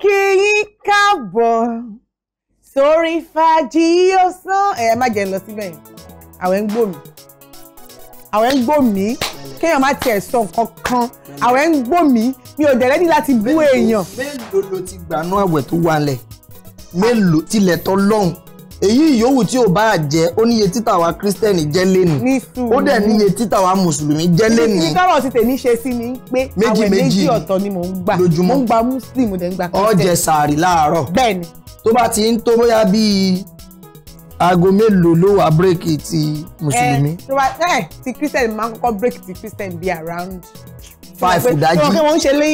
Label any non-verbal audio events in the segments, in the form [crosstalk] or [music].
kí yín káàbọ̀ sórí fàájì ọ̀sán ẹ má jẹ́ lọ síbẹ̀ yẹn àwẹ̀ ń gbò mí àwẹ̀ ń gbò mí kéèyàn má tiẹ̀ sọ nǹkan kan àwẹ̀ ń gbò mi ò dẹ̀rẹ́ ní láti bú èèyàn. mélòó ló ti gbanú àwẹ̀ tó wà lẹ̀ mélòó tilẹ̀ tọ́ lọ́hùn èyí ìyówù tí ò bá jẹ́ ó níye títà wa kírísítẹ́nì jẹ́ lẹ́nu ó dẹ̀ níye títà wa mùsùlùmí jẹ́ lẹ́nu. ní kárọ̀ ti tèmi ṣe sí mi pé àwọn méjì ọ̀tọ̀ ni mò ń gbà mò ń gba muslim dẹ̀ ń gba kírísítẹ́nì. ọ̀jẹ̀ sàárì láàárọ̀ bẹ́ẹ̀ni tó bá ti ń tó bóyá bíi aago mélòó ló wà bírèkì ti mùsùlùmí. ẹ eh, eh, ti kírísítẹ́nì máa ń kọ́kọ́ bírèkì ti kírísítẹ́nì bíi around five ìdájí. tí wọ́n ṣe lé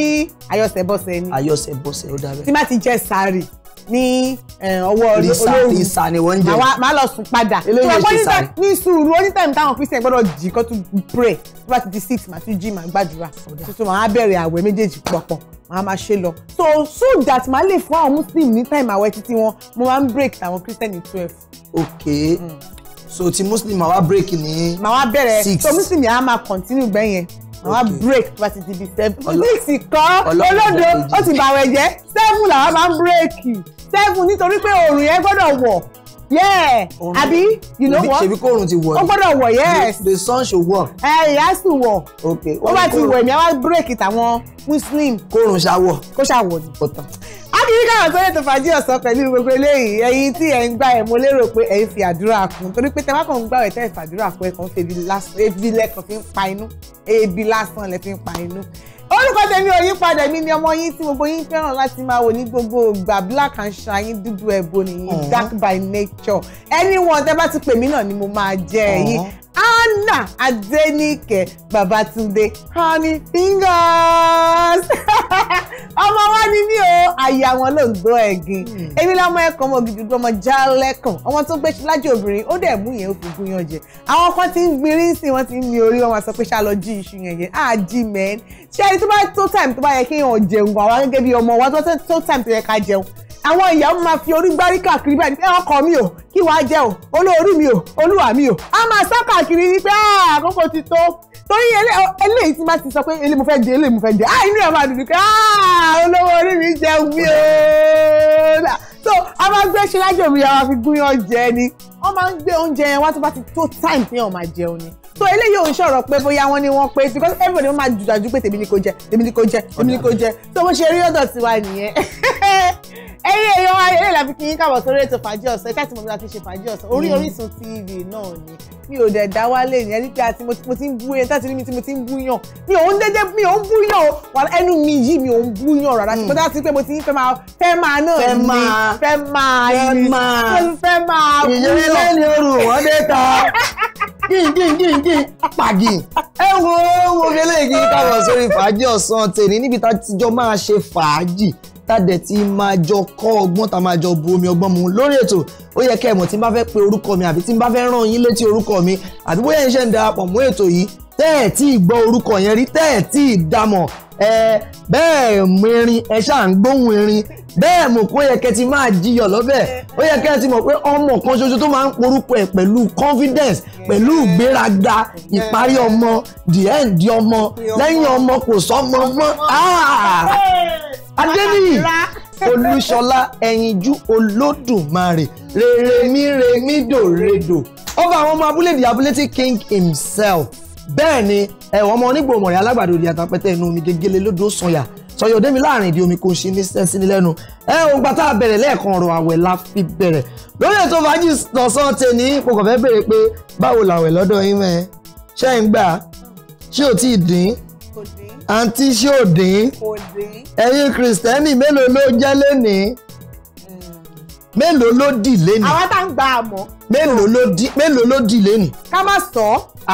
ayọ̀sẹ̀ bọ́sẹ̀ ni. ayọ̀sẹ̀ bọ́sẹ̀ ó dábẹ́. tí má ti jẹ sàárì ní ọwọ́ orí olóòrùn ìsà ni wọ́n ń jẹ màá lọ sùn padà eléyìí ṣe sà ní sùúrù onítàìmù táwọn christian gbọ́dọ̀ jí kó tún pray tó bá ti di six màá tún jí màá gbàdúrà tuntun màá bẹ̀rẹ̀ àwẹ̀ méjèèjì pọ̀pọ̀ màá máa ṣe lọ so so that màá lè fún àwọn muslim ní time àwẹ̀ títí wọn mo máa ń break tàwọn christian ní twelve. ok mm. so ti muslim màá wá break ní. màá wá bẹ̀rẹ̀ so muslim yẹn á máa continue gbẹ̀yẹn àwa okay. break bá ti di bi seven six kan olódo ó ti bàwẹ̀ jẹ́ seven làwa máa ń bírèkì seven nítorí pé oòrùn yẹn gbọ́dọ̀ wọ̀ yeah àbí you know what ṣebí kóòrùn ti wọ̀ ó gbọ́dọ̀ wọ̀ yes the sun should wọ̀ ẹ ìyá sì wọ̀ ok ó bá ti wọ̀ èmi á wá bírèkì tàwọn muslim kóòrùn ṣàwọ̀ kó ṣàwọ̀ ni akíní káwọn tó lè tó fàájì ọ̀sán pẹ̀lú gbogbo eléyìí ẹ̀yin tí ẹ̀ ń gbà ẹ̀ mo lérò pé ẹ̀ ń fi àdúrà kún torí pé tẹ́wọ́ kan ń gbà ẹ̀ tẹ́ ẹ̀ fàdúrà kún ẹ̀ kàn fi ebi lẹ́kàn fi ń pa inú ebi lásán lẹ́ fi ń pa inú orúkọ tèmi ò yí padà èmi ni ọmọ yín tí gbogbo yín fẹ́ràn láti máa wò ní gbogbo ìgbà black and shine dúdú ẹ̀bọ nìyí dark by nature anyone tẹ́ bá ti pè mí náà ni mo máa jẹ́ ẹ̀yìn Anna Adéníkẹ́ babatunde, honey fingers. [laughs] ọmọ wa ni mí o àyà wọn ló ń gbọ́ ẹ̀gìn hmm. èmi lọ́mọ ẹ̀kọ́ ọmọ gidi gbọ́ ọmọ jálẹ́kàn ọmọ tó gbé lájẹ́ obìnrin ó dẹ̀ mú yẹn ó fi gúnyán jẹ àwọn kan ti ń gbirin sí wọn ti ń mi orí wọn máa sọ pé ṣá lọ jí iṣu yẹn yẹn àá ah, jí mẹ́ẹ́n ṣé ẹni tó bá tó time tó bá yẹ kéèyàn jẹun àwọn gẹ́gẹ́ bí ọmọ wa tó time tó yẹ ká jẹun àwọn ìyàwó máa fi orí gbárí káàkiri bẹ́ẹ̀ ni pé ọkọ mi ò kí wàá jẹ ò olóorí mi ò olúwa mi ò a máa sá káàkiri ni pé ah, àkókò ti tó torí eléyìí tí máa ti sọ pé eléyìí mo fẹ́ jẹ eléyìí mo fẹ́ jẹ á ah, inú ẹ̀ máa dùn pé ah, olówó orí mi jẹun mi ò so a máa gbé ṣíláṣí omi yàrá fi gúnyán jẹ ni wọ́n máa ń gbé oúnjẹ yẹn wá tó bá ti tó time tí wọ́n máa jẹun ni so eléyìí ò ń sọ̀rọ̀ pé bóyá wọ́n ní wọ́n pé because everybody máa jùjàjú pé tèmi ni kò jẹ tèmi ni kò jẹ tèmi ni kò jẹ so bó ṣe rí ọ̀dọ̀ tiwa nìyẹn [laughs] ẹ̀yin èèyàn ayẹyẹ làbí kí yín káàbọ̀ sórí ètò fàájì ọ̀sán ẹ ṣáà ti mọ̀ bí wọ́n ti ṣe fàájì ọ̀sán orí mm. Orísun TV náà ni mi ò dẹ̀ dá wálé yẹn ní pé àti mo ti ń bú yẹn tá ti rí mi tí mo ti ń bú yàn mi ò ń dédé mi ò ń bú yàn o wà ẹnu mi yìí mi ò ń bú yàn rárá ṣùgbọ́n hmm. tá ti pé mo ti ń fẹ́ máa fẹ́ máa náà ni fẹ́ máa ni fẹ́ máa bú yàn. ìyẹn lẹ́nu orò wọ́n dé ta gíngíngíngín pàgì ẹ wo wo eléyìí káwọn sórí fàájì ọ̀sán tèmi níbi tá ti jọ máa ṣe fàájì tàdẹ̀ tí máa jọ kọ́ ọgbọ́n tá máa jọ bu omi ọgbọ́n mu lórí ètò ó yẹ kẹ́ ẹ mọ̀ tí n bá fẹ́ pe orúkọ mi àbí tí n bá fẹ́ rán yín létí orúkọ mi àti bóyá ẹ̀yin ṣẹ̀ ń darapọ̀ mọ́ ètò yìí tẹ́ ẹ̀ tí ì gbọ́ orúkọ yẹn rí tẹ́ ẹ̀ tí ì dámọ̀ ẹ bẹ́ẹ̀ mú irin ẹ ṣáà ń gbóhùn irin bẹ́ẹ̀ mọ̀ pé ó yẹ kẹ́ ti máa jiyọ̀ lọ́bẹ̀ ó yẹ kẹ́ ti mọ̀ pé ọmọ kan ṣoṣo tó máa ń porúkọ ẹ̀ pẹ̀lú confidence pẹ̀lú ìgbéraga ìparí ọmọ the end ọmọ lẹ́yìn ọmọ kò sọ́mọ mọ́ ah! adéníyì olúṣọlá ẹyinjú olódùmarè rèrèmí rèmí dòredò ọba àwọn ọmọ abúlé the abúlé tí king himself bẹ́ẹ̀ ni ẹ̀wọ̀n ọmọ onígbòmọ̀rẹ́ alágbàdo ìdí àtàpẹ́tẹ́ inú omi gégélé lódò sọ̀yà sọyọ démi láàrin ìdí omi kò ṣe ní sẹ́sí ní lẹ́nu ẹ òun gbà tá a bẹ̀rẹ̀ lẹ́ẹ̀kan ọ̀rọ̀ àwẹ̀ la fi bẹ̀rẹ̀ lórí ètò fàájì lọ́sàn-án tẹ ní mo kàn fẹ́ bèrè pé báwo làwẹ̀ lọ́dọ̀ yín mẹ́ ṣé ń gbà ṣé ò tí ì dín àǹtí ṣé ò dín ẹ̀yin kìrìsìtẹ́nì mélòó ló jẹ́ lénìí mélòó ló dì lẹ́nì. àwa tá ń gba àmọ́. mélòó ló dì mélòó ló dì lẹ́nì. ká má sọ.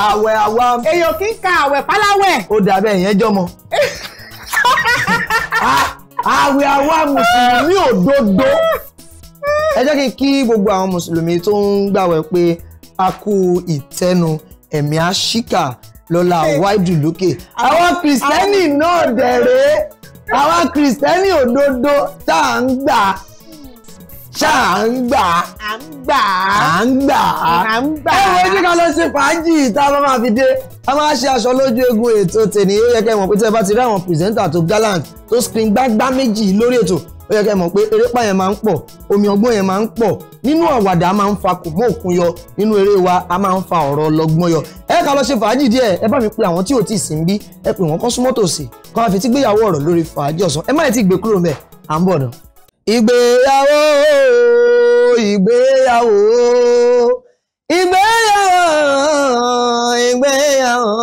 àwẹ̀ àwa. èèyàn kì í ka àwẹ̀ fáláwẹ̀. ó dàbẹ̀ ìyẹn jọmọ. [laughs] àwẹ̀ àwa mùsùlùmí òdodo. ẹ jẹ́ kí n kí gbogbo àwọn mùsùlùmí tó ń gbàwẹ̀ pé a kú ìtẹ́nu ẹ̀mí àṣìkà lọ́la wáìdù lókè. àwọn kìrìsìtẹ́nì náà dẹ̀ rèé àwọn kìrìsìtẹ́nì òdodo tá à ń gbà ṣá à ń gbà à ń gbà à ń gbà à ń gbà. ẹ wo ojú kan ló ṣe fàájì tá a bá máa fi dé a máa ṣe aṣọ lójú eegun ètò tèmi ó yẹ kẹ́ mọ̀ pé tí ẹ bá ti rí àwọn pìrìsẹ́ńtà tó gallant tó screen gbágbá méjì lórí ètò ó yẹ kẹ́ mọ̀ pé erépá yẹn máa ń pọ̀ omi ọgbọ́n yẹn máa ń pọ̀ nínú àwàdà a máa ń fa kòmó òkun yọ nínú eré wa a máa ń fa ọ̀rọ̀ ọlọgbọ́n yọ ẹ ká lọ ṣe fàájì díẹ̀ ẹ bá mi pe àwọn tí ò tí ì sí ń bí ẹ pè wọ́n kọ́ súnmọ́ tòsí kọ́ àfi tí gbéyàwó ọ̀rọ̀ lórí fàájì ọ̀sán ẹ má yẹ ti gbé kúrò mẹ́ à ń bọ̀ dán ìgbéyàwó ìgbéyàwó ìgbéyàwó ìgbéyàwó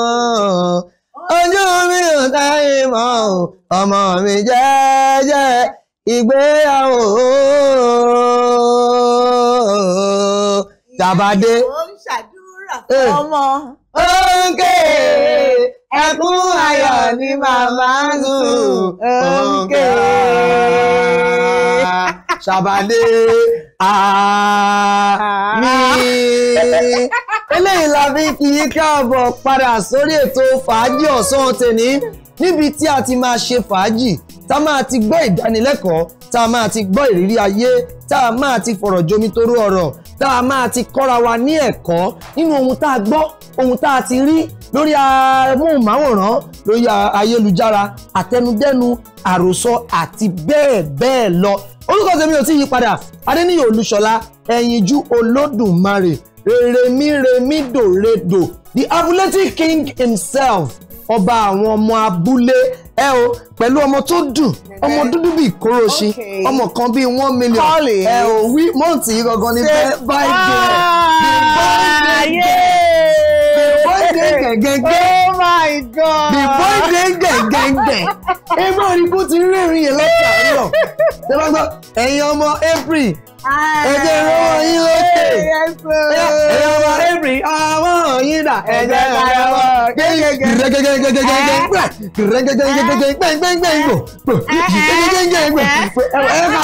ojú mi ò táyé mọ́ ọmọ mi jẹ́jẹ́ ìgbéyàwó tàbádé. ó ń ṣàdúrà fún eh. ọmọ. ó ń kéè ẹkún ayọ̀ ni màmá ń sùn òǹkè. ṣàbàdé àmì. [laughs] eléyìí la fi kí i káàbọ̀ padà sórí ètò fàájì ọ̀sán tèmi níbi tí a ti máa ṣe fàájì tá máa ti gbọ́ ìdánilẹ́kọ̀ọ́ tá a máa ti gbọ́ ìrírí ayé tá a máa ti fọ̀rọ̀ jomi toró ọ̀rọ̀ tá a máa ti kọ́ra wa ní ẹ̀kọ́ nínú ohun tá a gbọ́ ohun tá a ti rí lórí amóhùnmáwòrán lórí ayélujára àtẹnudẹ́nu àròsọ àti bẹ́ẹ̀ bẹ́ẹ̀ lọ orúkọ tèmi ò tí yí padà adéníyì olúṣọlá ẹyinjú olódùmarè rèrèmí the athletic king himself ọba àwọn ọmọ abúlé ẹ o pẹ̀lú ọmọ tó dùn ọmọ dúdú bíi kóróṣin ọmọ kan bíi one million ẹ o wí mọ́ǹtì yìí gangan ni bẹ́ẹ̀ báyìí gẹ̀gẹ̀gẹ̀. oh my god. the boy dey gẹ̀gẹ̀gẹ̀. ẹ máa rí bó ti ń rẹ́rìn yẹn lọ́sàn-án lọ. ṣé wọ́n gbọ́ ẹ̀yin ọmọ april ẹ̀jẹ̀ ìrànwọ́ yín lókè ẹ̀yà ọmọ ẹ̀bì ọmọ yín dà ẹ̀jẹ̀ ìrànwọ́ ẹ máa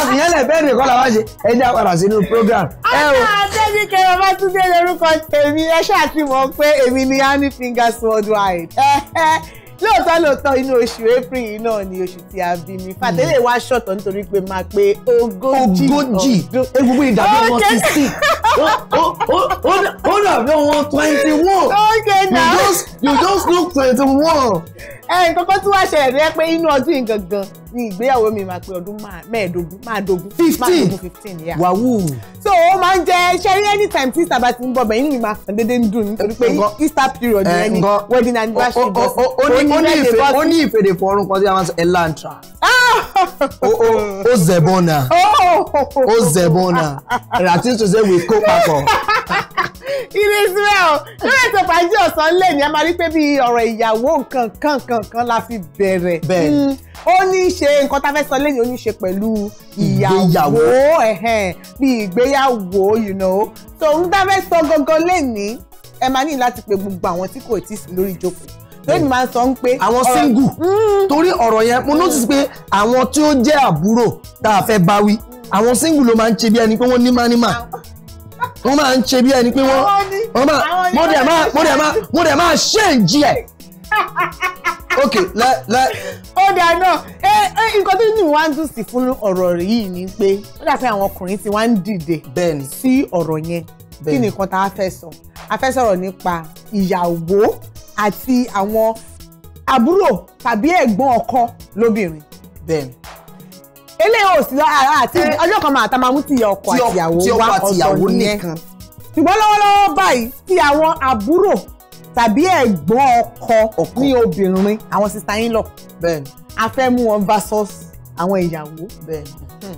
fi yẹn lẹ bẹ́ẹ̀ ni kọ́ la wá ṣe ẹ jẹ́ àpàdà sínú program. ọ̀nà Adébíkẹ́ Babátúndé lórúkọ tèmi ẹ ṣáà ti mọ̀ pé èmi ni honey fingers worldwide lóòótọ́ lóòótọ́ inú oṣù april yìí náà ni oṣù tí a bí mi fàtẹ́lẹ̀ hmm. wá ṣọ̀tọ̀ nítorí pé máa pe ogójì ogójì egungun ìdàbí wọn ti sí [laughs] ó dàbí wọn twenty one you just you just look twenty one nǹkan kan tí wàá ṣẹlẹ̀ tó yẹ pé inú ọdún gangan ni ìgbéyàwó mi máa pé ọdún mẹ́ẹ̀ẹ́dógún máa fifteen yà. wàhù. so ó máa ń jẹ ṣe rí anytime tí Easter bá ti ń bọ̀ bẹ́ẹ̀ inú mi máa kàn déédéé ń dùn nítorí pé Easter period yẹn eh, ni wedding anniversary bọ̀ sí. ó ní ìfèdè fọrún kan tí a máa ń sọ elantra. ó ah! zẹ̀bọ̀nà ó [laughs] oh! zẹ̀bọ̀nà ràtí tó ṣe wí kó papọ̀. [laughs] ire israel lórí ètò fàájì ọ̀sán lè ní a máa rí pé bí ọ̀rọ̀ ìyàwó nǹkan kan kan kan la fi bẹ̀rẹ̀ hmm. ó ní í ṣe nǹkan tá a fẹ́ sọ lẹ́yìn ó ní í ṣe pẹ̀lú ìyàwó bí ìgbéyàwó you know so ń tá a fẹ́ sọ gangan lẹ́ni ẹ máa ní láti pe gbogbo àwọn tí kò tí ì sí lórí ìjókòó lónìí máa ń sọ ń pé. àwọn single hmm. torí ọ̀rọ̀ yẹn mo notice pé àwọn tí ó jẹ́ àbúrò tá a fẹ́ báwí hmm. àwọn single ló máa ń ṣe bí ẹni pé wọ́n ní mánímà wọ́n máa ń ṣe bí ẹni pé wọ́n wọ́n máa mo dẹ̀ máa mo dẹ̀ máa mo dẹ̀ máa ṣe ń jí ẹ̀. ok lẹ lẹ. ó dáa náà ẹ ẹ nǹkan tó ní wá ń dùn sí fún ọ̀rọ̀ yìí ni pé ó dà pé àwọn ọkùnrin ti wá ń dìde sí ọ̀rọ̀ yẹn kí ni nǹkan tá a fẹ́ sọ a fẹ́ sọ̀rọ̀ nípa ìyàwó àti àwọn àbúrò tàbí ẹ̀gbọ́n ọkọ lóbìnrin. bẹ́ẹ̀ni eléyìí ò sí àti eh. ọjọ́ kan máa ta máa mú ti ọkọ àtìyàwó wá ọ̀tọ̀ nìkan ṣùgbọ́n lọ́wọ́lọ́wọ́ báyìí ti àwọn àbúrò tàbí ẹ̀gbọ́n ọkọ ní obìnrin àwọn sister in law bẹ́ẹ̀ a fẹ́ mú wọn versus àwọn ìyàwó bẹ́ẹ̀ hmm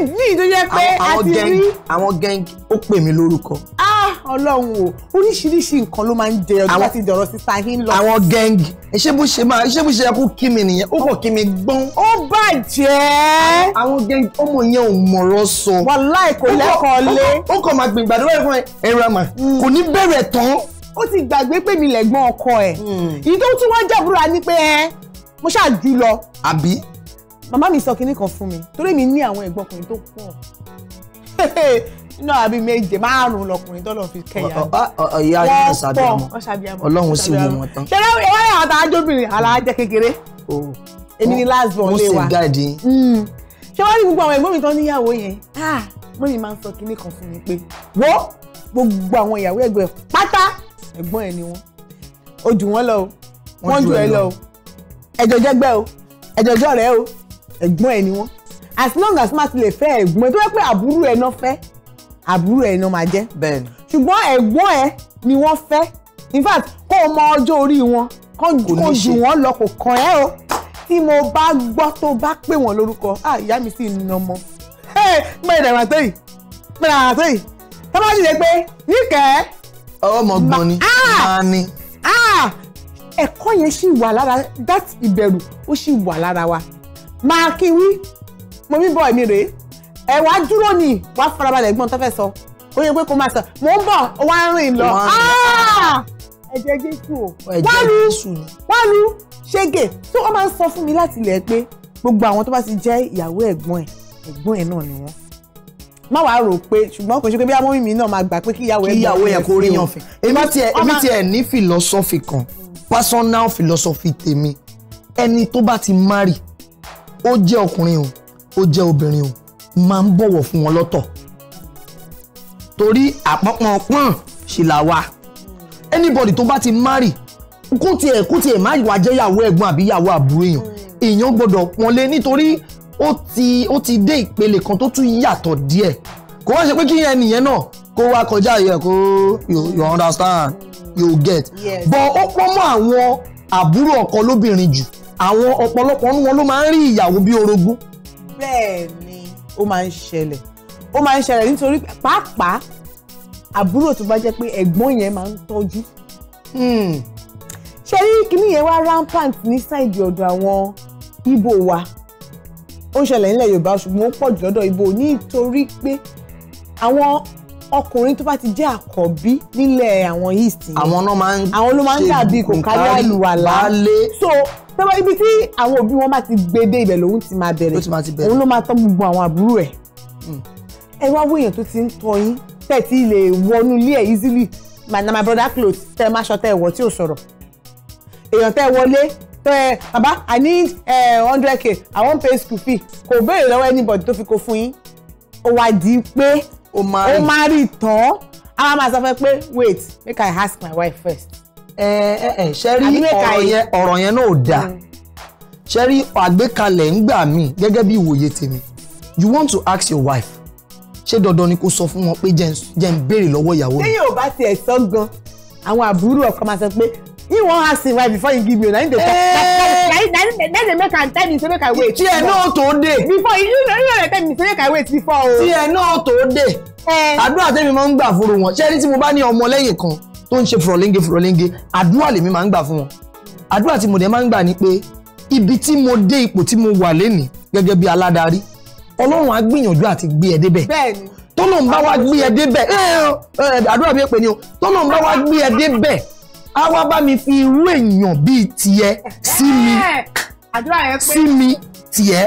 ní ní tó yẹ pé a ti rí. àwọn gang ó pè mí lórúkọ. Ah, ọlọ́run o oríṣiríṣi nǹkan ló máa ń jẹyọ tó bá ti dọ̀rọ̀ sí sahin lọ. àwọn gang ṣé bó ṣe máa ṣé bó ṣe yẹ kó kí mi nìyẹn ó kàn kí mi gbọ́n. ó bàjẹ́. àwọn gang ọmọ yẹn ò mọ̀rọ̀ sọ. wàláì kò lẹ́kọ̀ọ́ lé. ó kàn máa gbìn gbàdúrà fún ẹ ẹ̀rọ àmà hmm. kò ní bẹ̀rẹ̀ tán. ó ti gbàgbé pé mi lẹ̀gbọ́n ọkọ ẹ̀. Hmm. ìdó tún wá jàbúrà ni pé ẹ mo ṣáà jù lọ. àbí màmá mi sọ kinní kan fún mi torí mi ní àwọn ẹ̀gbọ́n ọkùnrin tó pọ̀ [laughs] náà àbí méje márùn-ún lọkùnrin tọ́lọ̀ fi kẹyà ọ̀yà yóò ṣàbíamọ ọlọ́run sì wù wọn tán. ṣẹlẹ ìwé àwọn àtàjọbìnrin alájẹ kékeré oh. èmi ni last born lé wa hmm. ṣé wọ́n rí gbogbo àwọn ẹ̀gbọ́n mi tán níyàwó yẹn mọ́ ah, mi máa ń sọ kinní kan fún mi pé wọ́n gbogbo àwọn ìyàwó ẹ̀gbọ́n pátá ẹ̀gbọ́n ẹ̀ ni wọ́n o jù wọ́n lọ o wọ́n jù ẹ lọ o ẹ̀jọ̀ jẹ́gbẹ́ o ẹ̀jọ̀ jọ̀rẹ́ o ẹ̀gbọ́n ẹ̀ ni wọ́n as long as má ti lè fẹ́ ẹ̀gbọ́n ẹ̀ tó yẹ pé àbúrò ẹ̀ náà fẹ́ àbúrò ẹ̀ náà máa jẹ́ ṣùgbọ́n ẹ̀gbọ́n ẹ̀ ni wọ́n fẹ́ in fact kó o mọ ọjọ́ orí wọn kó jù wọ́n lọ kò kàn ẹ́ o tí mo bá gbọ́ tó bá pè wọ́n lórúkọ ah ìyá mi sì ń nọmọ mọ ìdàgbà tó yìí mọ ìdàgbà tó yìí tó bá ṣe pé níkẹ́. ọmọ gbọ́n ni ah! máa ní. Ah! ẹ̀kọ́ yẹn ṣì wà lára that ìbẹ̀rù ó ṣì wà lára wa máa kí wí mo mi bọ̀ èmi rèé ẹ wá dúró ni wàá farabalẹ̀ gbọ́n tó fẹ́ sọ ó yẹ pé kó máa sọ mò ń bọ̀ wá rìn lọ ah! ẹ̀jẹ̀ jésù o wá lu wá lu ṣégè tó wọ́n máa ń sọ fún mi láti ilẹ̀ pé gbogbo àwọn tó bá ti jẹ́ ìyàwó ẹ̀gbọ́n ẹ̀ ẹ̀gbọ́n ẹ̀ náà ni wọ́n má wàá rò pé ṣùgbọ́n kò ṣe pé bí amómi mi náà máa gbà pé kí ìyàwó ẹ̀ kó rí yan fẹ́ èmi tiẹ̀ ní philosophy kan personal philosophy tèmi ẹni tó bá ti marry ó jẹ́ ọkùnrin o ó jẹ́ obìnrin o máa ń bọ̀wọ̀ fún wọn lọ́tọ̀ torí àpọ́npọ́npọ́n ṣì là wà anybody tó bá ti marry kó tiẹ̀ kó tiẹ̀ má wá jẹ́ ìyàwó ẹ̀gbọ́n àbí ìyàwó àbúrò èèyàn èèyàn gbọ́dọ̀ pọ́n lé nítorí ó ti ó ti dé ìpele kan tó tún yàtọ̀ díẹ̀ kò wá ṣe pé kí ẹnìyẹn náà kó wá kọjá yẹ kó you understand you get yes. but ó pọ́n mọ́ àwọn àbúrò ọkọ lóbìnrin jù àwọn ọ̀pọ̀lọpọ̀ nínú wọn ló máa ń rí ìyàwó bí orogún. bẹ́ẹ̀ni ó máa ń ṣẹlẹ̀ ó máa ń ṣẹlẹ̀ nítorí pàápàá àbúrò tó bá jẹ́ pé ẹ̀gbọ́n yẹn máa ń tọ́jú hmm. ṣé rí kíní yẹn wá rampant ní sáìdì ọ̀dọ̀ àwọn ibo wa ó ń ṣẹlẹ̀ nílẹ̀ yorùbá ṣùgbọ́n ó pọ̀ jù lọ́dọ̀ ibo nítorí pé àwọn ọkùnrin tó bá ti jẹ́ àkọ́bí nílẹ̀ àwọn east yẹn àwọn ló máa ń dàbí kò kárí àlùwàlá so tọ́ba ibi tí àwọn òbí wọn bá ti gbé dé ibẹ̀ lòun ti máa bẹ̀rẹ̀ òun ló máa tọ́ gbogbo àwọn àbúrò ẹ̀ hmm. ẹ wá wọ èèyàn tó ti ń tọ́ yín tẹ̀tí lè wọnú ilé ẹ̀ easily my na my brother clothes tẹ máa ṣọ tẹ ẹ̀wọ̀ tí ò sọ̀rọ̀ èèyàn tẹ wọlé tẹ bàbá i need eh, hundred k i wan pay school fee kò béèrè lọ́wọ́ anybody tó fi kó fún yín ó wá di pé ó máa rí tán a máa sọ fún ẹ pé wait make i ask my wife first ẹ ẹ ẹ ṣẹ́rí ọ̀rọ̀ yẹn ọ̀rọ̀ yẹn náà ò dáa ṣẹ́rí àgbékalẹ̀ ń gbà mí gẹ́gẹ́ bí ìwòye tèmi you want to ask your wife ṣé dandan ni kò sọ fún wọn pé jẹ́ ń béèrè lọ́wọ́ ìyàwó mi. téèyàn ò bá tiẹ̀ sọ gan àwọn àbúrò ọkọ máa sọ pé you wan ask him wife before you give me una him dey talk na na na dey make am tell me say make i wait. tiẹ̀ náà tó dé. before you know you know tell me say make i wait before o. tiẹ̀ náà tó dé. àdúrà tẹ́mi máa ń gbà fúru wọn ṣé ẹni tí mo bá ní ọmọ lẹ́yìn kan tó ń ṣe fùrọ̀lẹ́ńgẹ fùrọ̀lẹ́ńgẹ àdúrà lèmi máa ń gbà fún wọn àdúrà tí mo dẹ̀ máa ń gbà ni pé ibi tí mo dé ipò tí mo wà lénìí gẹ́gẹ́ bí aládarí ọlọ́run á gbìyànjú àti gbé ẹ débẹ̀ tọ́lọ́run bá wá gbé ẹ débẹ̀ àdúrà mi pè ní o tọ́lọ́run bá wá gbé ẹ débẹ̀ á wá bá mi fi irú èèyàn bíi tiẹ̀ sí mi sí mi tiẹ̀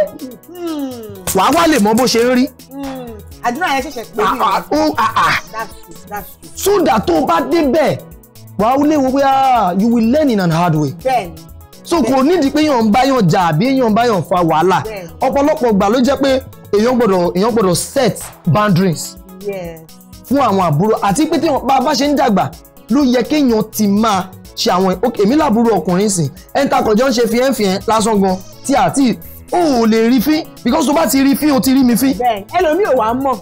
hmm. wàá wá lè mọ bó ṣe ń rí. Hmm àdúrà yẹn ṣẹ̀ṣẹ̀ pé mi ah, ah, oh, ah, rẹ̀ so that tó bá débẹ̀ wàá lé wo wíwá you will learn in an hard way. bẹ́ẹ̀ni so kò nídìí pé èèyàn ń bá yàn jà àbí èèyàn ń bá yàn fa wàhálà ọ̀pọ̀lọpọ̀ gbà ló jẹ́ pé èèyàn gbọ́dọ̀ èèyàn gbọ́dọ̀ set boundaries fún àwọn àbúrò àti pé tí bá bá ṣe ń dàgbà ló yẹ kéèyàn ti máa ṣe àwọn èmi làbúrò ọkùnrin sìn ẹ̀ńtà kọjọ́ ń ṣe fi ẹ̀ ń fi ẹ̀ lásán gan tí àti o ò lè rí fín because tó bá ti rí fín o ti rí mi fín. bẹ́ẹ̀ ẹlòmíì ò wá mọ̀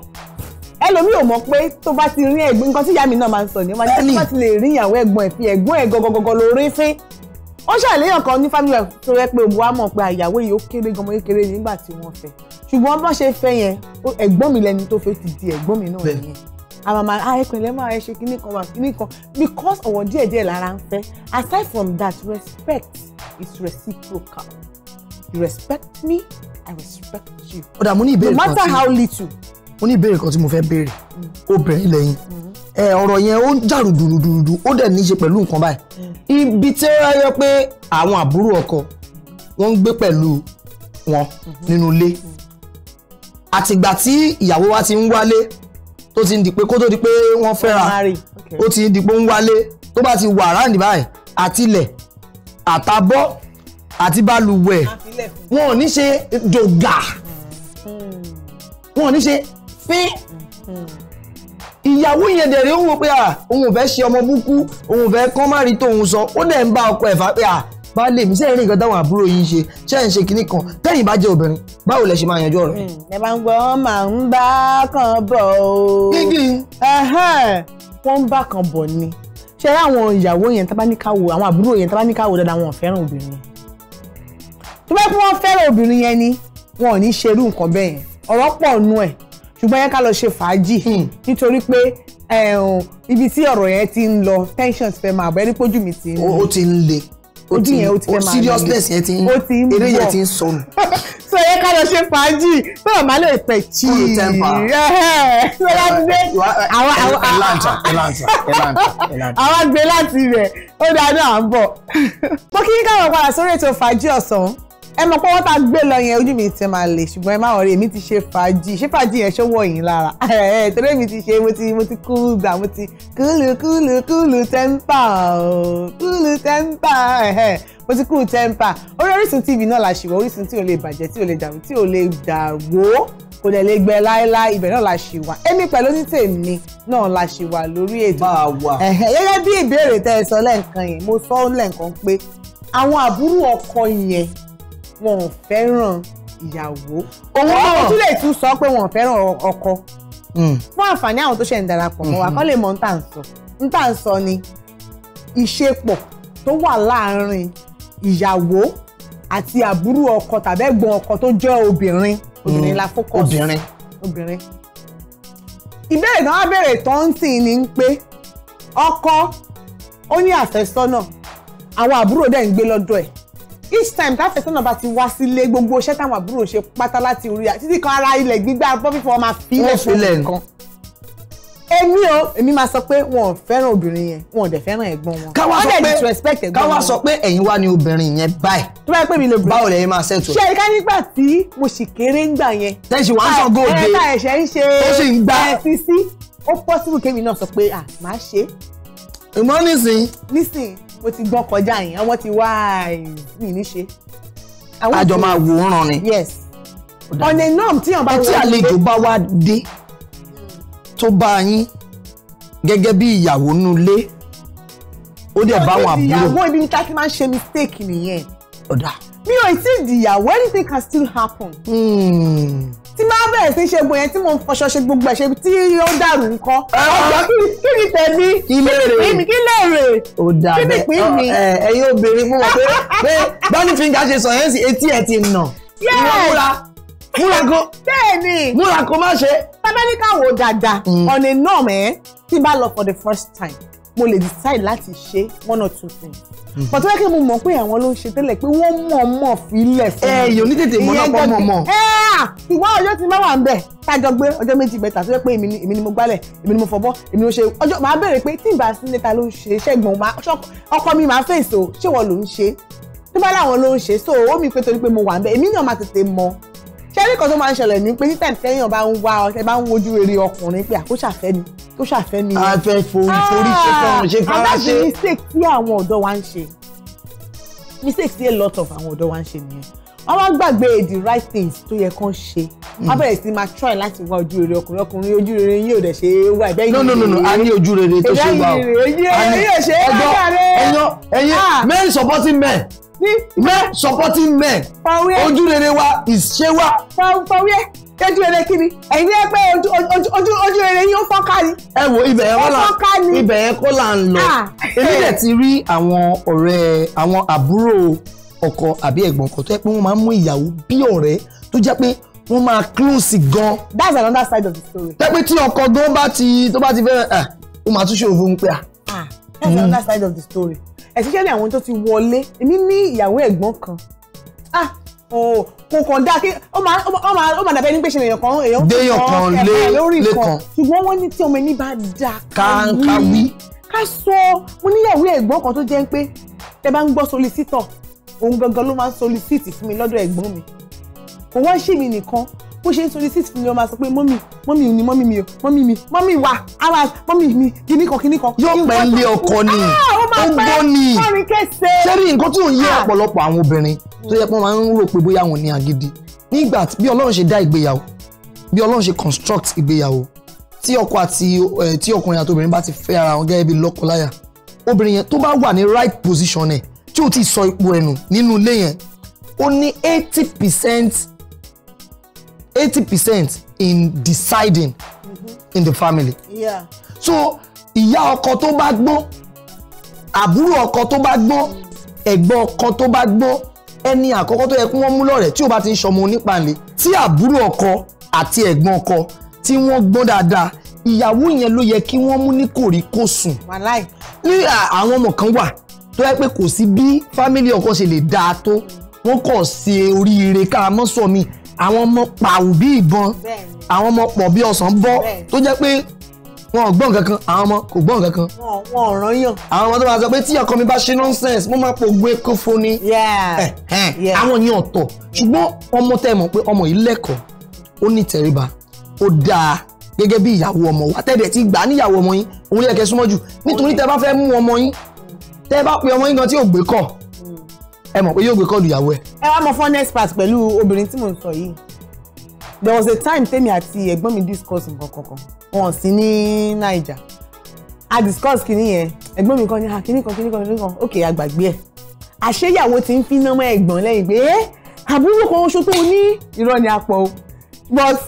ẹlòmíì ò mọ̀ pé tó bá ti rí ẹ̀gbọ́n nǹkan tí ìyá mi náà máa ń sọ ni ó máa ní tó bá ti lè rí ìyàwó ẹ̀gbọ́n ẹ̀ fi ẹ̀gbọ́n ẹ̀ gọgọgọgọ ló rí fín ó ṣàléyàn kan ní family life tó rẹ pé òun wá mọ̀ pé àyàwó yìí ó kéré gan-an kékeré nígbà tí wọ́n fẹ́ ṣùgbọ́n bọ́n ṣe fẹ́ yẹn ẹ̀gbọ́n mi lẹni tó fẹ́ ti di ẹ̀gbọ́n mi náà nìyẹn àmàmà àìpín lẹ́ máa ṣe kíní kan wà kíní kan because ọ̀wọ̀ díẹ̀díẹ̀ lára ń fẹ́ aside from that respect is reciprocal you respect me i respect you. ó mo ní ìbéèrè kan tí no matter how little. mo ní ìbéèrè kan tí mo fẹ́ béèrè mm. obìnrin lẹ́yìn mm-hmm. ẹ ọ̀rọ̀ yẹn ó ń jàrú dùrùdùrùdù ó dẹ̀ ní í ṣe pẹ̀lú nǹkan báyìí ibi tí ó yọ pé àwọn àbúrò ọkọ wọ́n ń gbé pẹ̀lú wọn mm-hmm. nínú ilé àtìgbà tí ìyàwó wa ti ń wálé tó ti ń di pé kó tó di pé wọ́n fẹ́ra ó ti ń di pé ń wálé tó bá ti wà ráǹdì àtilẹ̀ àtabọ́ àti balùwẹ̀ wọn ò ní ṣe dògà wọn ò ní ṣe fín ìyàwó yẹn dẹ̀rẹ̀ ń wò pé à òun ò fẹ́ ṣe ọmọ búkú òun ò fẹ́ kán má rí tòun sọ ó dẹ̀ ń bá ọkọ ẹ̀ fà pé à bá lè mí sẹ́yìn nǹkan táwọn àbúrò yìí ṣe sẹ́yìn ṣe kinní kan tẹ́yìn bá jẹ́ obìnrin báwo lẹ ṣe máa yanjú ọ̀rọ̀ yìí. Hmm, ẹ bá ń gbọ́ wọn máa ń bá kan bọ̀ o. gígì. wọ́n ń bá kan bọ̀ ni ṣé àwọn ìyàwó yẹn tábáníkàwò àwọn àbúrò yẹn tábáníkàwò dáadáa wọn ò fẹ́ràn obìnrin yẹn tó bá pé wọ́n fẹ́ràn obìnrin yẹn ni wọn ò ní ṣerú nǹkan bẹ́ẹ̀ yẹn ọ̀rọ̀ pọ̀ nù ẹ̀ ṣùgbọ́n yẹn ká lọ ṣe fàájì hmm. nítorí pé ibi tí ọ̀rọ̀ yẹn ti ń lọ tensions fẹ́ máa bọ̀ ẹni pójú mi ti ń lọ. ó ti ń le ojú yẹn ó ti fẹ́ máa le seriousness yẹn ti ń eré yẹn ti ń sọnù. sọ [laughs] yẹn ká lọ ṣe fàájì bẹ́ẹ̀ máa lè pẹ̀ tí ì rẹ̀ àwa gbé láti rẹ̀ ó dáná à ń bọ̀. [laughs] mo kí ní káwọn padà sórí ètò fàájì ọ̀sán ẹ mọ̀ pé wọ́n ta gbé lọ yẹn ojú mi ti máa lè ṣùgbọ́n ẹ má wọrí èmi ti ṣe fàájì ṣé fàájì yẹn ṣọwọ́ yìí lára [laughs] ẹ torí èmi ti ṣe mo ti mo ti kúlù gbà mo ti kúlù kúlù kúlù tẹ́ḿpà o kúlù tẹ́ḿpà mo ti kúlù tẹ́ḿpà orí Orísun TV náà la ṣì wà Orísun tí ò lè bàjẹ́ tí ò lè dàrú tí ò lè dàwó kò dẹ̀ lè gbẹ láéláé ibẹ̀ náà la ṣì wà èmi pẹ̀lú ní tèmi náà la ṣì wà lórí ètò gẹ́gẹ́ bí ìbéèrè tẹ́ ẹ sọ lẹ́ǹkan yẹn mo sọ lẹ́ǹkan pé àwọn àbúrò ọkọ yẹn wọn ò fẹ́ràn ìyàwó òun náà tún lè tún sọ pé wọn ò fẹ́ràn ọkọ hmm. fún àǹfààní àwọn tó ṣe ń darapọ̀ mọ́ wa hmm. kọ́ lè mọ ń tà ń sọ ń tà ń sọ ni ìṣepọ̀ tó wà láàárín ìyàwó àti àbúrò ọkọ tàbí ẹ̀gbọ́n ọkọ tó jẹ́ obìnrin hmm. obìnrin la focus obìnrin obìnrin ìbéèrè náà wá béèrè tó ń tì ní pé ọkọ ó ní àfẹ́sọ́nà àwọn àbúrò dẹ̀ ń gbé lọ́dọ̀ ẹ̀ each time that person náà bá ti wá sílé gbogbo iṣẹ́ táwọn àbúrò ṣe pátá láti orí títí kan ara ilẹ̀ gbígbá bọ́ fífọ́ máa fi ilẹ̀ fún nǹkan. èmi o èmi máa sọ pé wọn ò fẹ́ràn obìnrin yẹn wọn ò dẹ̀ fẹ́ràn ẹ̀gbọ́n wọn. káwa sọ pé káwa sọ pé ẹ̀yin wá ní obìnrin yẹn báyìí. tó bá yẹ pé mi lè báwo lẹ́yìn máa ṣètò. ṣé ẹ̀ka nígbà tí mo sì kéré ńgbà yẹn. tẹ̀sí wàá sọ góòdè tó sì ń gbá. ó pọ́sibù sọ ah, ìmọ̀ nísìn. nísìn mo ti gbọ́ kọjá yẹn àwọn ti wá mi ní ṣe. àjọ máa wòran ni. yes ọ̀nà norm tí yàn bá wọlé. ẹtí àlejò bá wá dé tó bá yín gẹ́gẹ́ bí ìyàwó nulé ó dẹ̀ bá wọn àbúrò. ìyàwó ibi ní tá a ti máa ń ṣe mistake nìyẹn. ọ̀dà mi ò tí ì dìyàwó anything can still happen. Hmm tí máa bẹ̀rẹ̀ sí ṣe gbogbo yẹn tí mo ń fọṣọ ṣe gbogbo ẹ̀ ṣe tí ó dàrú nǹkan. ọjọ́ kí ni tẹ̀mí kí lè rè kí lè rè kí ni pín mi. ẹ̀yin obìnrin mú wọn pé pé bọ́ọ̀nì fíńgà ṣe sọ yẹn sí etí ẹ̀ ti nà ìwọ múra múra kó múra kó má ṣe. tábẹ́lì káwọ́ dáadáa ọ̀nà náà mẹ́ tí bá lọ for the first time mo lè decide láti ṣe one or two things. pàtó yẹ kí mo mọ̀ pé àwọn ló ń ṣe tẹ́lẹ̀ pé wọ́n mọ̀ mọ̀ filẹ̀ fún mi. ẹ eh, yòó ní tètè mọ̀ náà pọ̀ mọ̀ mọ̀. ṣùgbọ́n ọjọ́ tí máa wà ń bẹ̀ tájọ gbé ọjọ́ méjì mẹ́ta tó yẹ pé èmi ni èmi ni mo gbálẹ̀ èmi ni mo fọbọ́ èmi ni mo ṣe ọjọ́ màá bẹ̀rẹ̀ pé tí ìbá sí níta ló ń ṣe ṣẹ́gbọ̀n ọkọ mi máa fèsò ṣé wọ́n ló ń ṣe tó bá láwọn ló ń ṣe so ó mi pé torí pé mo wà ń bẹ̀ èmi náà máa tètè mọ̀ ṣẹ́rí kan tó máa ń ṣẹlẹ̀ ní pé títẹ̀ tẹ́yàn bá ń wá ọṣẹ bá ń wojú rere ọkùnrin pé àkóṣà fẹ́ ni tó ṣàfẹ́ ni. a fẹ́ forí forí ṣe fẹ́ràn ṣe fara ṣe. mistake tí àwọn ọ̀dọ́ wa ń ṣe mistake tí a lot of àwọn ọ̀dọ́ wa ń ṣe nìyẹn wọ́n máa gbàgbé the right things tó yẹ kán ṣe hmm. wọ́n bẹ̀rẹ̀ sí máa try láti wá ojú rere ọkùnrin ọkùnrin ojú rere yóò dẹ̀ ṣe é wá ìbẹ́ yìí. no no no no a ní ojú rere tó ṣe wá o ẹjọ ẹyin ah. men supporting men men supporting men ojú rere wa is ṣé wá. fọwọ́ ojú rere kí ni ẹ̀yin ní ojú rere yín ó fọ́nká ni. ẹ wo ibẹ̀ yẹn kọ́là ibẹ̀ yẹn kọ́là ń lọ ah. èmi dẹ̀ ti rí àwọn ọ̀rẹ́ àwọn àbúrò ọkọ àbí ẹ̀gbọ́n kan tó yẹ pé wọ́n máa ń mú ìyàwó bí ọ̀rẹ́ tó jẹ́ pé wọ́n máa close gan. that's another side of the story. pé tí ọkọ gan bá ti tó bá ti fẹ́ ẹ̀ ó máa tún ṣe òfin ń pè à. ah that's hmm. another side of the story. especially àwọn tó ti wọlé èmi ní ìyàwó ẹ̀gbọ́n kan ah kò kàn dáa kí ó máa ó máa dàbẹ́ ní pé ṣe èèyàn kan èèyàn kan ẹ̀fẹ́ lórí kan ṣùgbọ́n wọ́n ní tí ọmọ ẹni bá da ká wí ká sọ mo níyàwó ẹ̀gbọ́n kan tó jẹ́ pé tẹ bá ń gbọ́ solicitọ̀ òun gangan ló máa ń solicit fún mi lọ́dọ̀ ẹ̀gbọ́n mi kò wá ṣì mí nìkan bó ṣe ń solicit fún mi ló máa sọ pé mọ́mì mọ́mì ni mọ́mì mi o mọ́mì mi mọ́mì wa ara mọ́mì mi kìnnìkan kìnnìkan. yóò pẹ́ ń lé ọkọ ni ah, ó gbọ́ ni sẹ́rí nǹkan tí ò ń yé ah. ọ̀pọ̀lọpọ̀ àwọn obìnrin tó yẹ pé wọ́n máa ń rò pé bóyá wọn ní agídí nígbà bí ọlọ́run ṣe dá ìgbéyàwó bí ọlọ́run ṣe construct ìgbéyàwó tí ọkọ àti eh, tí ọkùnrin àti obìnrin bá ti fẹ́ ara wọn gẹ́gẹ́ bí lọ́kọláya obìnrin yẹn tó bá wà ní right position ẹ̀ tí o ti sọ ipò ẹnu nínú ilé yẹn ó ní eighty percent eighty percent in deciding mm -hmm. in the family. Yeah. so ìyá ọkọ tó bá gbọ́n àbúrò ọkọ tó bá gbọ́n ẹ̀gbọ́n ọkọ tó bá gbọ́n ẹni àkọ́kọ́ tó yẹ kí wọ́n mú lọ́rẹ̀ tí o bá ti ń sọmọ onípàlẹ̀ tí àbúrò ọkọ àti ẹ̀gbọ́n ọkọ tí wọ́n gbọ́n dáadáa ìyàwó yẹn ló yẹ kí wọ́n mú ní kòríkòsùn. wàláì. ní àwọn ọmọ kan wà tó yẹ pé kò sí bí fámìlì ọkọ ṣe lè dáa tó wọ́n kàn ṣe oríire ká mọ́ sọ mi àwọn ọmọ pàù bí ìbọn àwọn ọmọ pọ̀ bí ọ̀sán bọ́ tó jẹ́ pé wọn ò gbọ́n kankan àwọn ọmọ kò gbọ́n kankan. wọn ò rán yàn. àwọn ọmọ tó máa sọ pé tí ọkọ mi bá ṣe nonsense mo máa pògbó ẹ̀kọ́ fún ni. àwọn yẹn ọ̀tọ̀ ṣùgbọ́n ọmọ tẹ́ mọ̀ pé ọmọ yìí lẹ́kọ̀ọ́ ó ní tẹríba ó dáa gẹ́gẹ́ bí ìyàwó ọmọ wa tẹ́lẹ̀ ti gbà níyàwó ọmọ yín òun yẹ kẹ́ súnmọ́ jù nítorí tẹ́ bá fẹ́ mú ọmọ yín tẹ́ bá pe ọmọ yín tí ò gbé kọ̀ hmm. ẹ mọ̀ pé yóò gbé kọ́ọ̀lù ìyàwó ẹ̀. ẹ wá mọ fún next pẹ̀lú obìnrin tí mò ń sọ yìí there was a time tèmi àti ẹ̀gbọ́n mi discuss nǹkan kankan wọn sì ní naija a discuss kìíní yẹn ẹ̀gbọ́n mi kan ní ah, kìíní kan kìíní kan kìíní kan ok àgbàgbé ẹ̀ àṣeyàwó ti ń fi nọ́mọ ẹ̀gbọ́n lẹ́yìn pé eh, àbúrò kan oṣù tó ní irọ́ ni apọ̀ o but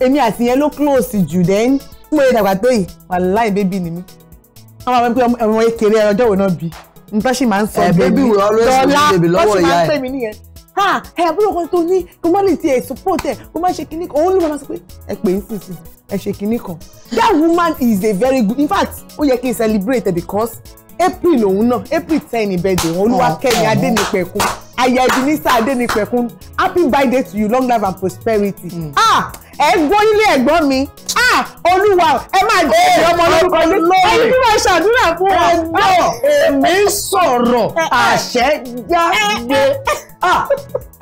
èmi àti yẹn ló close jù then mo yẹ dàgbà tó yìí wàláì bébì ni mí wọ́n máa ń pẹ́ ọmọ kékeré ọjọ́ wo náà bí nǹkan sì máa ń sọ bẹ́ẹ̀ ni dọ́là wọ́n sì máa ń pè nìyẹn ha ẹ àbúrò kan tó ní kó má support ẹ̀ kó má ṣe kinní kan òun ló máa sọ pé ẹ pè ń sísìn ẹ ṣe kinní kan that woman is a very good in fact ó yẹ kí n celebrate because April òun náà April ten ni birthday wọn Olúwakẹ́mi oh, oh. Adénípẹ̀kun aya Ebenezer Adenipekun happy birthday to you long life and prosperity. Hmm. ah ẹ̀gbọ́n ilé ẹ̀gbọ́n mi ah olúwa ẹ máa jẹ́ ẹ̀rọ ọmọ olórúkọ ní ẹni tí wọ́n ṣàdúrà fún ẹ náà ah. èmi ń sọ̀rọ̀ eh, eh. àṣẹ jáde eh, ah,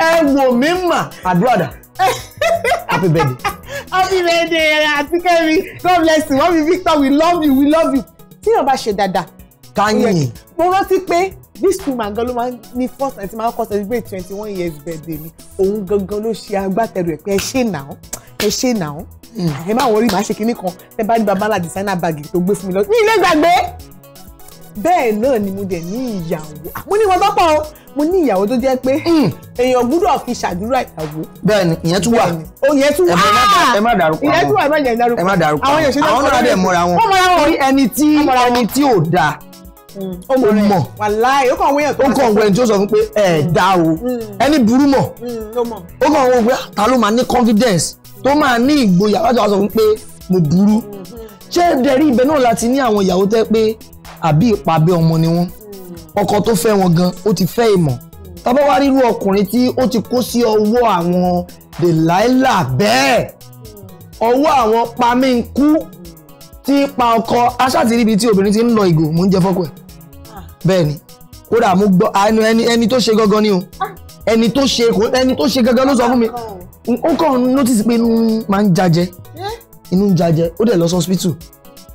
ẹ wò mí mà àbúrọ̀dà [laughs] happy birthday. happy birthday àti kẹ́mi god bless you wọ́n mi Victor we love you we love you tí yóò bá ṣe dáadáa. káyìn. mo rántí pé this woman gan ló máa ní first time tí máa kọ́ celebrate twenty one years birthday mi òun gangan ló ṣe agbátẹrù ẹ̀ pé ẹ ṣe nàá ẹ ṣe nàá hmm. ẹ má wọrí màá ṣe kinní kan ẹ bá ní babalá designer bag tó gbé fún mi lọ ní ilé gbàgbé bẹ́ẹ̀ náà ni mo dẹ̀ ní ìyàwó ah, mo ní wọn tọ́pọ̀ o mo ní ìyàwó tó jẹ́ pé hmm. èèyàn gbúdọ̀ fi ṣàdúrà ìyàwó. bẹ́ẹ̀ni ìyẹn tún wà oh, ìyẹn tún wà ẹ má dárúkọ ìyẹn tún wà ẹ má jẹ dárúkọ àwọn èèyàn ṣe náà kọ́ ọ́ àwọn náà dẹ̀ mọ́ra wọn wọ́n mọ́ra wọn ẹni tí ẹni tí ò dáa o mọ̀ wàláì ó kàn wéyàn tó o kàn wéyàn tó sọ fún pé ẹ̀ dá o mm. ẹni burú mọ̀ mm, ó kàn wọ́n pé ah, ta ló máa ní confidence tó máa ní ìgboyà láti wá sọ fún pé mo burú mm-hmm. ṣé dẹ̀rí ibẹ̀ náà láti ní àwọn ìyàwó tẹ́ pé àbí ìpàbẹ́ ọmọ ni wọ́n mm. ọkọ tó fẹ́ wọn gan ó ti fẹ́ ìmọ̀ tábà wá rírú ọkùnrin tí ó ti kó sí ọwọ́ àwọn Delilah bẹ́ẹ̀ ọwọ́ àwọn pamínkú tí pa ọkọ aṣáàtì níbi tí obìnrin ti ń lọ ìgò mò ń jẹ fọ́kọ̀ ẹ̀ bẹ́ẹ̀ ni kódà mo gbọ́ ẹni ẹni tó ṣe gangan ni o ah. ẹni tó ṣe ẹni tó ṣe gangan ló sọ fún mi ó kàn notice pé inú máa ń jajẹ eh? inú ń jajẹ ó dẹ̀ lọ sí hospital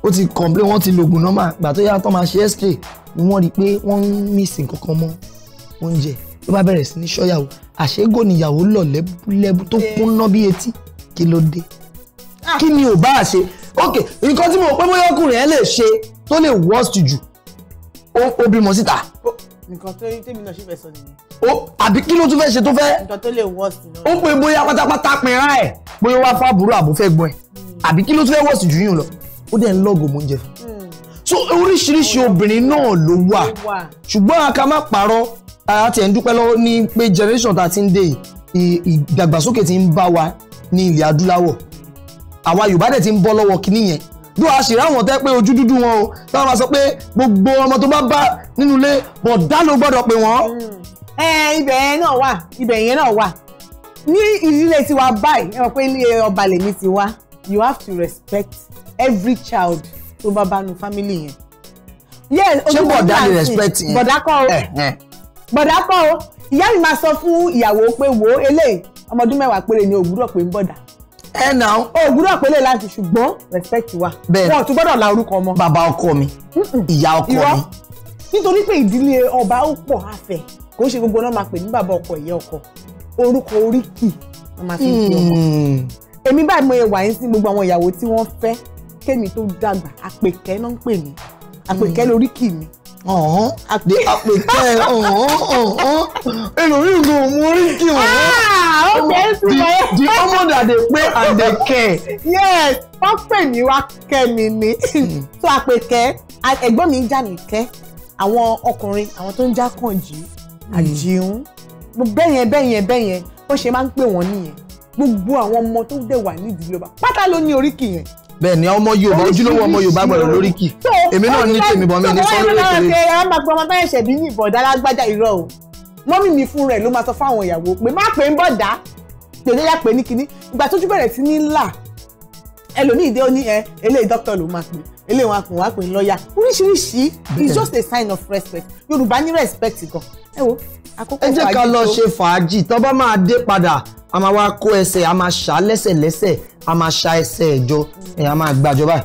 ó ti complain wọ́n ti lògùn normal gbà tó yá máa ṣe x-ray ni wọ́n rí i pé wọ́n ń miss nǹkan kan mọ́ oúnjẹ ló bá bẹ̀rẹ̀ sí ní ṣọ́yàwó àṣégò níyàwó lọ lẹ́búlẹ́bú tó eh. kúnná bí etí kí ló dé ah. kí ni ò bá ṣe ok nǹkan tí mo pẹ́ bóyá ọkùnrin ẹ lè ṣe tó lè worst jù ó bímọ síta. nǹkan tó yín tèmi náà ṣe fẹ́ sọ nìyẹn. ó àbí kí ló tún fẹ́ ṣe tó fẹ́. nǹkan tó lè wọ́ọ̀sì náà. ó pe bóyá pátápátá pinra ẹ̀ bóyá wá fábùrú àbúfẹ́ gbọ́n ẹ̀ hmm. àbí kí ló tún fẹ́ wọ́ọ̀sì jù yín lọ ó dẹ̀ ń lọ́ọ̀gù mọ́ oúnjẹ. Hmm. so oríṣiríṣi obìnrin náà ló wà ṣùgbọ́n a ká má parọ́ ara tiẹ̀ ń dúpẹ́ lọ́wọ́ ní pé generation tá a ti ń dé ìdàgbàsókè ti ń bá wa ní ilẹ̀ adúláwọ̀ dó a ṣèrè àwọn tẹ́ pé ojú dúdú wọn o táwọn máa sọ pé gbogbo ọmọ tó bá bá nínú ilé bọ̀dá ló gbọ́dọ̀ pé wọ́n. Mm. Eh, ibẹ̀ yẹn náà wà ibẹ̀ yẹn náà wà ní ìdílé tiwa báyìí ẹ mọ̀ pé ilé ọba lèmi ti wá you have to respect every child tó bá bá nu family yẹn. ṣé bọ̀dá lè respect yẹn bọ̀dá kọ́ o eh, eh. bọ̀dá kọ́ o ìyá mi máa sọ fún ìyàwó pé wo eléyìí ọmọ ọdún mẹ́wàá péré ni òwúrọ̀ pé ń bọ̀dá ẹ nà ó. o gbúdọ̀ pélé láti ṣùgbọ́n respect wa. bẹ́ẹ̀ wọn ò tún gbọ́dọ̀ la orúkọ mọ́. bàbá ọkọ mi ìyá ọkọ mi. nítorí pé ìdílé ọba ó pọ̀ afẹ́ kò ṣe gbogbo náà máa pè ní bàbá ọkọ ìyá ọkọ orúkọ oríkì wọn máa fi ń fi ọkọ. Hmm. èmi báyìí mo yẹ wà yín sí gbogbo àwọn ìyàwó tí wọ́n fẹ́ kémi tó dàgbà àpèkẹ́ náà ń pè mí àpèkẹ́ lóríkì mi. Mm ọ̀hún àti àpèkẹ́ ọ̀hún ọ̀hún ẹlòmíì gan mú orí kí ọ̀hún. Ah, ó jẹ́ ìsúnmọ́ yẹn. the common that dey pay and dey care. yes wọ́n pè mí wá kẹ́ mi ni tó hmm. àpèkẹ́ ẹ̀gbọ́n mi ń jà mí kẹ́ àwọn ọkùnrin àwọn tó ń já kànjí hmm. àjíhùn bẹ́yẹn bẹ́yẹn bẹ́yẹn bó ṣe máa ń pè wọ́n nìyẹn gbogbo àwọn ọmọ tó dẹ̀ wà nídìí Yorùbá pátá ló ní oríkì yẹn bẹ́ẹ̀ ni ọmọ yorùbá ojúlówó ọmọ yorùbá gbọ́dọ̀ lórí kì èmi náà ní tèmi bọ mi ní sọ lórí kèrè. tó bá máa gbọ́ ọmọ táyà ṣẹ̀bí ní ìbọ̀dá lágbájá irọ́ o mọ́mì mi fún rẹ̀ ló máa sọ fáwọn ìyàwó pé má pè ń bọ̀dá pèléyà pè ní kinní ìgbà tójú bẹ̀rẹ̀ sí ní là ẹlòmíì dé ó ní ẹ eléyìí dókítà ló máa pè eléyìí wọn kò wá pè ní lọ́ọ̀yà oríṣiríṣi it's [laughs] just a sign of respect yorùbá ní respect gan ẹ wo àkókò fàájì tó ẹ jẹ́ ká lọ ṣe fàájì tó bá máa dé padà a máa wá kó ẹsẹ̀ a máa ṣá lẹ́sẹ̀ lẹ́sẹ̀ a máa ṣá ẹsẹ̀ ẹ̀jọ ẹ̀ a máa gbàjọba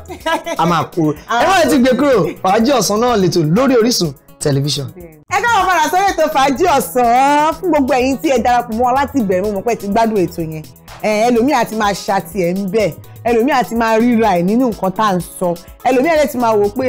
a máa kúrò [laughs] ah. ẹ má ti gbé kúrò fàájì ọ̀sán náà lè tò lórí Orísun tẹlifíṣàn. ẹ káwọn padà sórí ètò fàájì ọ̀sán fún gbogbo ẹ̀yin tí ẹ darapọ̀ mọ́ láti ìbẹ̀rẹ̀ mọ̀ pé ti gbádùn ètò yẹn ẹlòmíì àti máa ṣàtì ẹ̀ ń bẹ̀ ẹlòmíì àti máa ríra ẹ̀ nínú nǹkan tá à ń sọ ẹlòmíì àti máa wò pé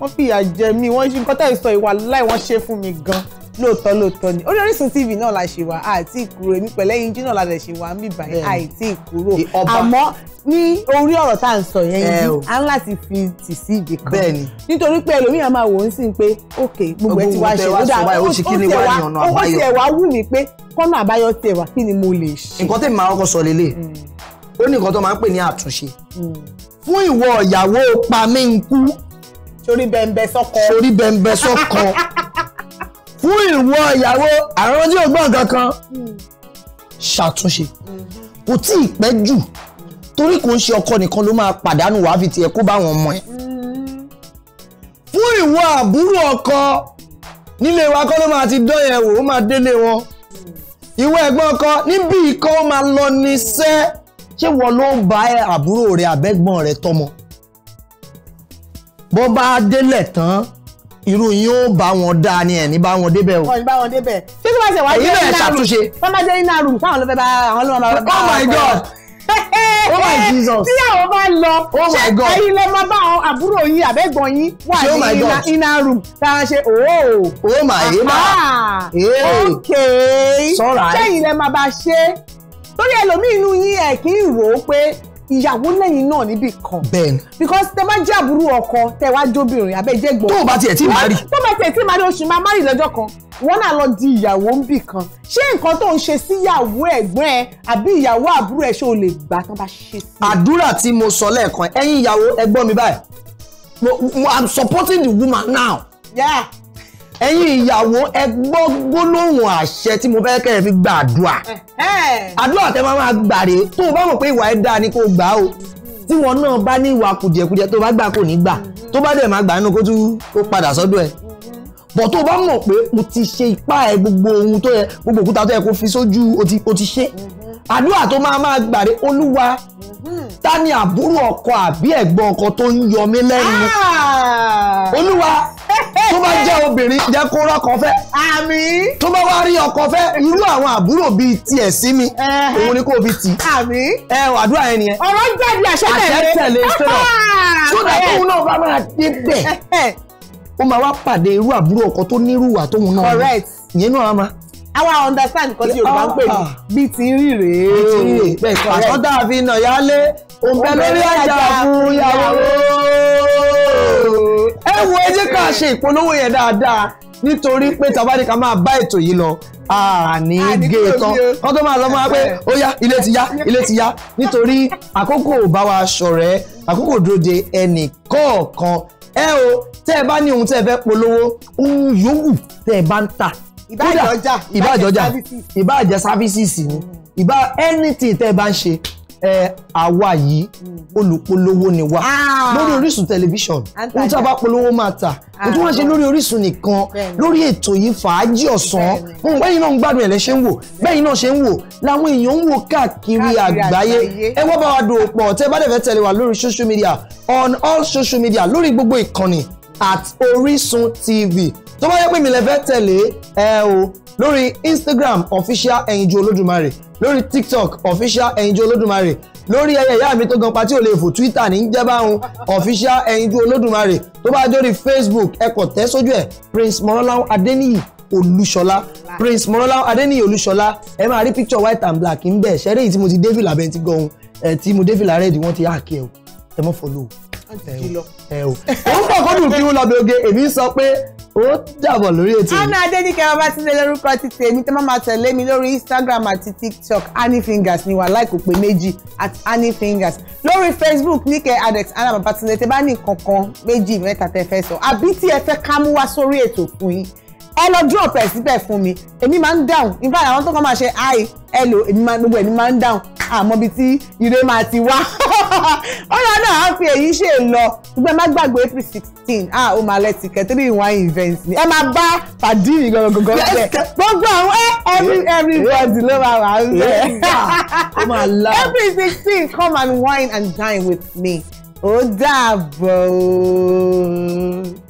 wọ́n fìyà jẹ mí wọ́n ṣe nǹkan tá à ń sọ ìwà láì wọ́n ṣe fún mi gan lóòótọ́ lóòótọ́ ni orí Orísun TV náà la ṣe wà àti ìkúrò èmi pẹ̀lẹ́ yín jí náà la dẹ̀ ṣe wà ń bì báyìí àìtí ìkúrò àmọ́ ní orí ọ̀rọ̀ tá à ń sọ yẹn yìí á ń láti fi tì sí ibì kan bẹ́ẹ̀ni nítorí pé ẹlòmíì á máa wò ó sì ń pé ok gbogbo ẹ ti wá ṣe lódà ó ti ẹ̀ wá wù mí pé kọ́nà àbáyọ ti ẹ̀ wá kí ni mo lè ṣe. nǹkan tèmi máa kọ́kọ́ sọ lélẹ̀ hmm. ó ní nǹkan tó máa ń pè ní àtúnṣe hmm. fún ìwọ ìyàwó pa mí ń kú. sórí bẹ́ẹ̀ bẹ́ẹ̀ sọ́kọ. sórí bẹ́ẹ̀ bẹ́ẹ̀ sọ́kọ [laughs] fún ìwọ ìyàwó àwọn tí ò gbọ́ nǹkan kan hmm. ṣàtúnṣe hmm. kò tí ì pẹ́ jù torí kò ń ṣe ọkọ nìkan ló máa pàdánù wàá fi tiẹ̀ kó bá wọn mọ̀ ẹ́ hmm. fún ìwọ àbúrò ọkọ nílé wa kọ́ ló máa ti dán yẹn wò ó máa délé wọn ìwọ ẹ̀gbọ́n ọkọ níbi ìkọ́ ó máa lọ ní sẹ́ ṣé wọ́n ló ń bá àbúrò rẹ̀ abẹ́gbọ́n rẹ̀ tọmọ bó bá délẹ̀ tán irú yín ó bá wọn dá ni ẹ̀ ní bá wọn débẹ̀ o. ọ̀ bá wọn débẹ̀ ṣé tó bá ṣe wá jẹ́ iná room wọ́n bá jẹ́ iná room táwọn ló fẹ́ bá àwọn ló oh bá wọn. oh my god [laughs] oh my jesus. tí àwọn bá lọ ṣe ẹyin lè máa bá àwọn àbúrò yín àbẹ́gbọ̀n yín wà oh ní iná room tá a ṣe ooo. Oh. oh my god ok ṣẹ́yìn lè máa bá ṣe torí ẹlòmíì inú yín ẹ̀ kí ń rò ó pé ìyàwó lẹ́yìn náà níbì kan. bẹ́ẹ̀ni. because tẹ bá jẹ́ àbúrò ọkọ tẹ wá jóbìnrin abẹ́ jẹ́ gbọ́. tó o bá tiẹ̀ tí máa rí. tó o bá tiẹ̀ tí máa rí oṣù máa má rí lọ́jọ́ kan wọ́n náà lọ di ìyàwó ń bì kan ṣé nǹkan tó ń ṣe síyàwó ẹ̀gbọ́n ẹ àbí ìyàwó àbúrò ẹ ṣé o lè gbà tán bá ṣe sí. àdúrà tí mo sọ lẹ́ẹ̀kan ẹ̀yin ìyàwó ẹ̀gbọ́n mi báyìí I'm supporting the woman now. yeah ẹ̀yin ìyàwó ẹ gbọ́ gbólóhùn àṣẹ tí mo fẹ́ kẹ́ ẹ fi gba àdúrà àdúrà tẹ máa máa gbà rèé tó o bá mọ̀ pé ìwà ẹ dáa ni kó o gbà á o tí wọn náà bá ní ìwà kùjẹkùjẹ tó o bá gbà kò ní gbà tó bá dẹ̀ máa gbà nínú kó tún kó padà sọ́dọ̀ ẹ̀ bọ̀ tó o bá mọ̀ pé o ti ṣe ipá ẹ gbogbo ohun tó yẹ gbogbo òkúta tó yẹ kó fi sójú o ti ṣe mm-hmm. àdúrà tó máa máa gbàdé olúwa mm-hmm. ta ni àbúrò ọkọ àbí ẹ̀gbọ́n ọkọ tó ń yọ mí lẹ́nu ah! olúwa tó bá jẹ́ obìnrin jẹ́ kó rọ́kọ fẹ́ àmín tó bá wá rí ọkọ fẹ́ irú àwọn àbúrò bíi tiẹ̀ sí mi òun ni kò fi tì àmín ẹ àdúrà yẹn nìyẹn ọ̀rọ̀ jáde àṣẹ tẹ̀lé àṣẹ tẹ̀lé sọ́dọ̀ tó tóun náà bá máa dé bẹ̀ ó máa wá pàdé irú àbúrò ọkọ tó nírúwà tóun náà correct ìyẹn náà máa àwa understand nǹkan tí yorùbá ń pè ní ah. bí ti rí rèé bí ti rí rèé bẹ́ẹ̀ kọ rẹ àtọ́dá àfi nà yálé òǹbẹ lórí àjà fún yàwó. ẹ wo ẹ jẹ́ ká ṣe ìpolówó yẹn dáadáa nítorí pé tá a bá ní ká máa bá ètò yìí lọ àní gé e tán kán tó máa lọ máa pé ó yá ilé ti yá ilé ti yá nítorí àkókò ò bá wa ṣọ̀rẹ́ àkókò dúró de ẹnì kọ̀ọ̀kan ẹ o tẹ́ ẹ bá ní ohun tẹ́ ẹ fẹ́ polówó ohun yòówù tẹ́ ẹ bá ń tà ìbáàjọjà ìbáàjọjà ìbáàjẹ sáfísìsì ìbá anything tẹ́ ẹ bá ń ṣe ẹ àwa yìí mm. olùpolówó ni wa ah. lórí Orísun tẹlifíṣàn ohun tí a bá polówó máa tà ah. ohun tí wọ́n ṣe lórí Orísun nìkan lórí ètò yìí fàájì ọ̀sán bẹ́yìn náà ń gbádùn ẹ̀ lẹ́ṣẹ̀ ń wò bẹ́yìn náà ṣe ń wò làwọn èèyàn ń wò káàkiri àgbáyé ẹ wá bá wa dòwò tẹ́ bá dẹ̀ fẹ́ tẹ̀lé wa lórí social media on all social media lórí gbogbo ìkànnì at Orísun TV tó bá yẹ pé mi lè fẹ́ tẹ̀lé ẹ o lórí Instagram official ẹyinjú olódùmarè lórí TikTok official ẹyinjú olódùmarè lórí ẹyẹ ìyá mi tó gan pa tí ò lè fò Twitter ní jẹ́báhun official ẹyinjú olódùmarè tó bá dórí Facebook ẹ kò tẹ́ sójú ẹ̀ Prince Mọ́rọ́láwọ́ Adeniyi Olúṣọlá Prince Mọ́rọ́láwọ́ Adeniyi Olúṣọlá ẹ máa rí picture white and black ń bẹ̀ ṣẹ́rí èyí tí mo ti dé fìlà ti gan ohun ẹ̀ tí mo David fìlà rẹ́ẹ̀dì wọ́n ti háàkì ẹ̀ ẹ̀ mọ́ fọ́lọ́wọ́ ẹ o òun pọ̀ kọ́dù kí wọ́n lọ bí oge èmi sọ pé ó dàbọ̀ lórí ètò yìí. Hannah Adéníkẹ́ Babátúndé lórúkọ ti tèmi tẹ́ máa máa tẹ̀lé mi lórí Instagram àti TikTok Anyfingers ni wà láìkò pé méjì at Anyfingers lórí Facebook Níkẹ́ Adex Hannah Babátúndé tẹ́ bá ní kankan méjì mẹ́ta tẹ́ fẹ́ sọ àbí tí ẹ fẹ́ ká mú wá sórí ètò fún yín ẹ lọ drop ẹ̀ síbẹ̀ fún mi èmi máa ń dáhùn in fact àwọn tó kàn máa ṣe hi hello èmi máa gbogbo èmi máa ń dáhùn àmọ́ ibi tí ire máa ti wá [laughs] ọ̀rọ̀ náà á fi èyí ṣe lọ ṣùgbọ́n má gbàgbé april sixteen ah ó máa lẹ́tì kẹtírì wine event ni ẹ máa bá pàdí mi gọ́gọ́gọ́ bẹ́ẹ̀ gbogbo àwọn every every. everybody ló máa wà ń bẹ̀ ah, april sixteen come and wine and dine with me ó dàbọ̀ ooo.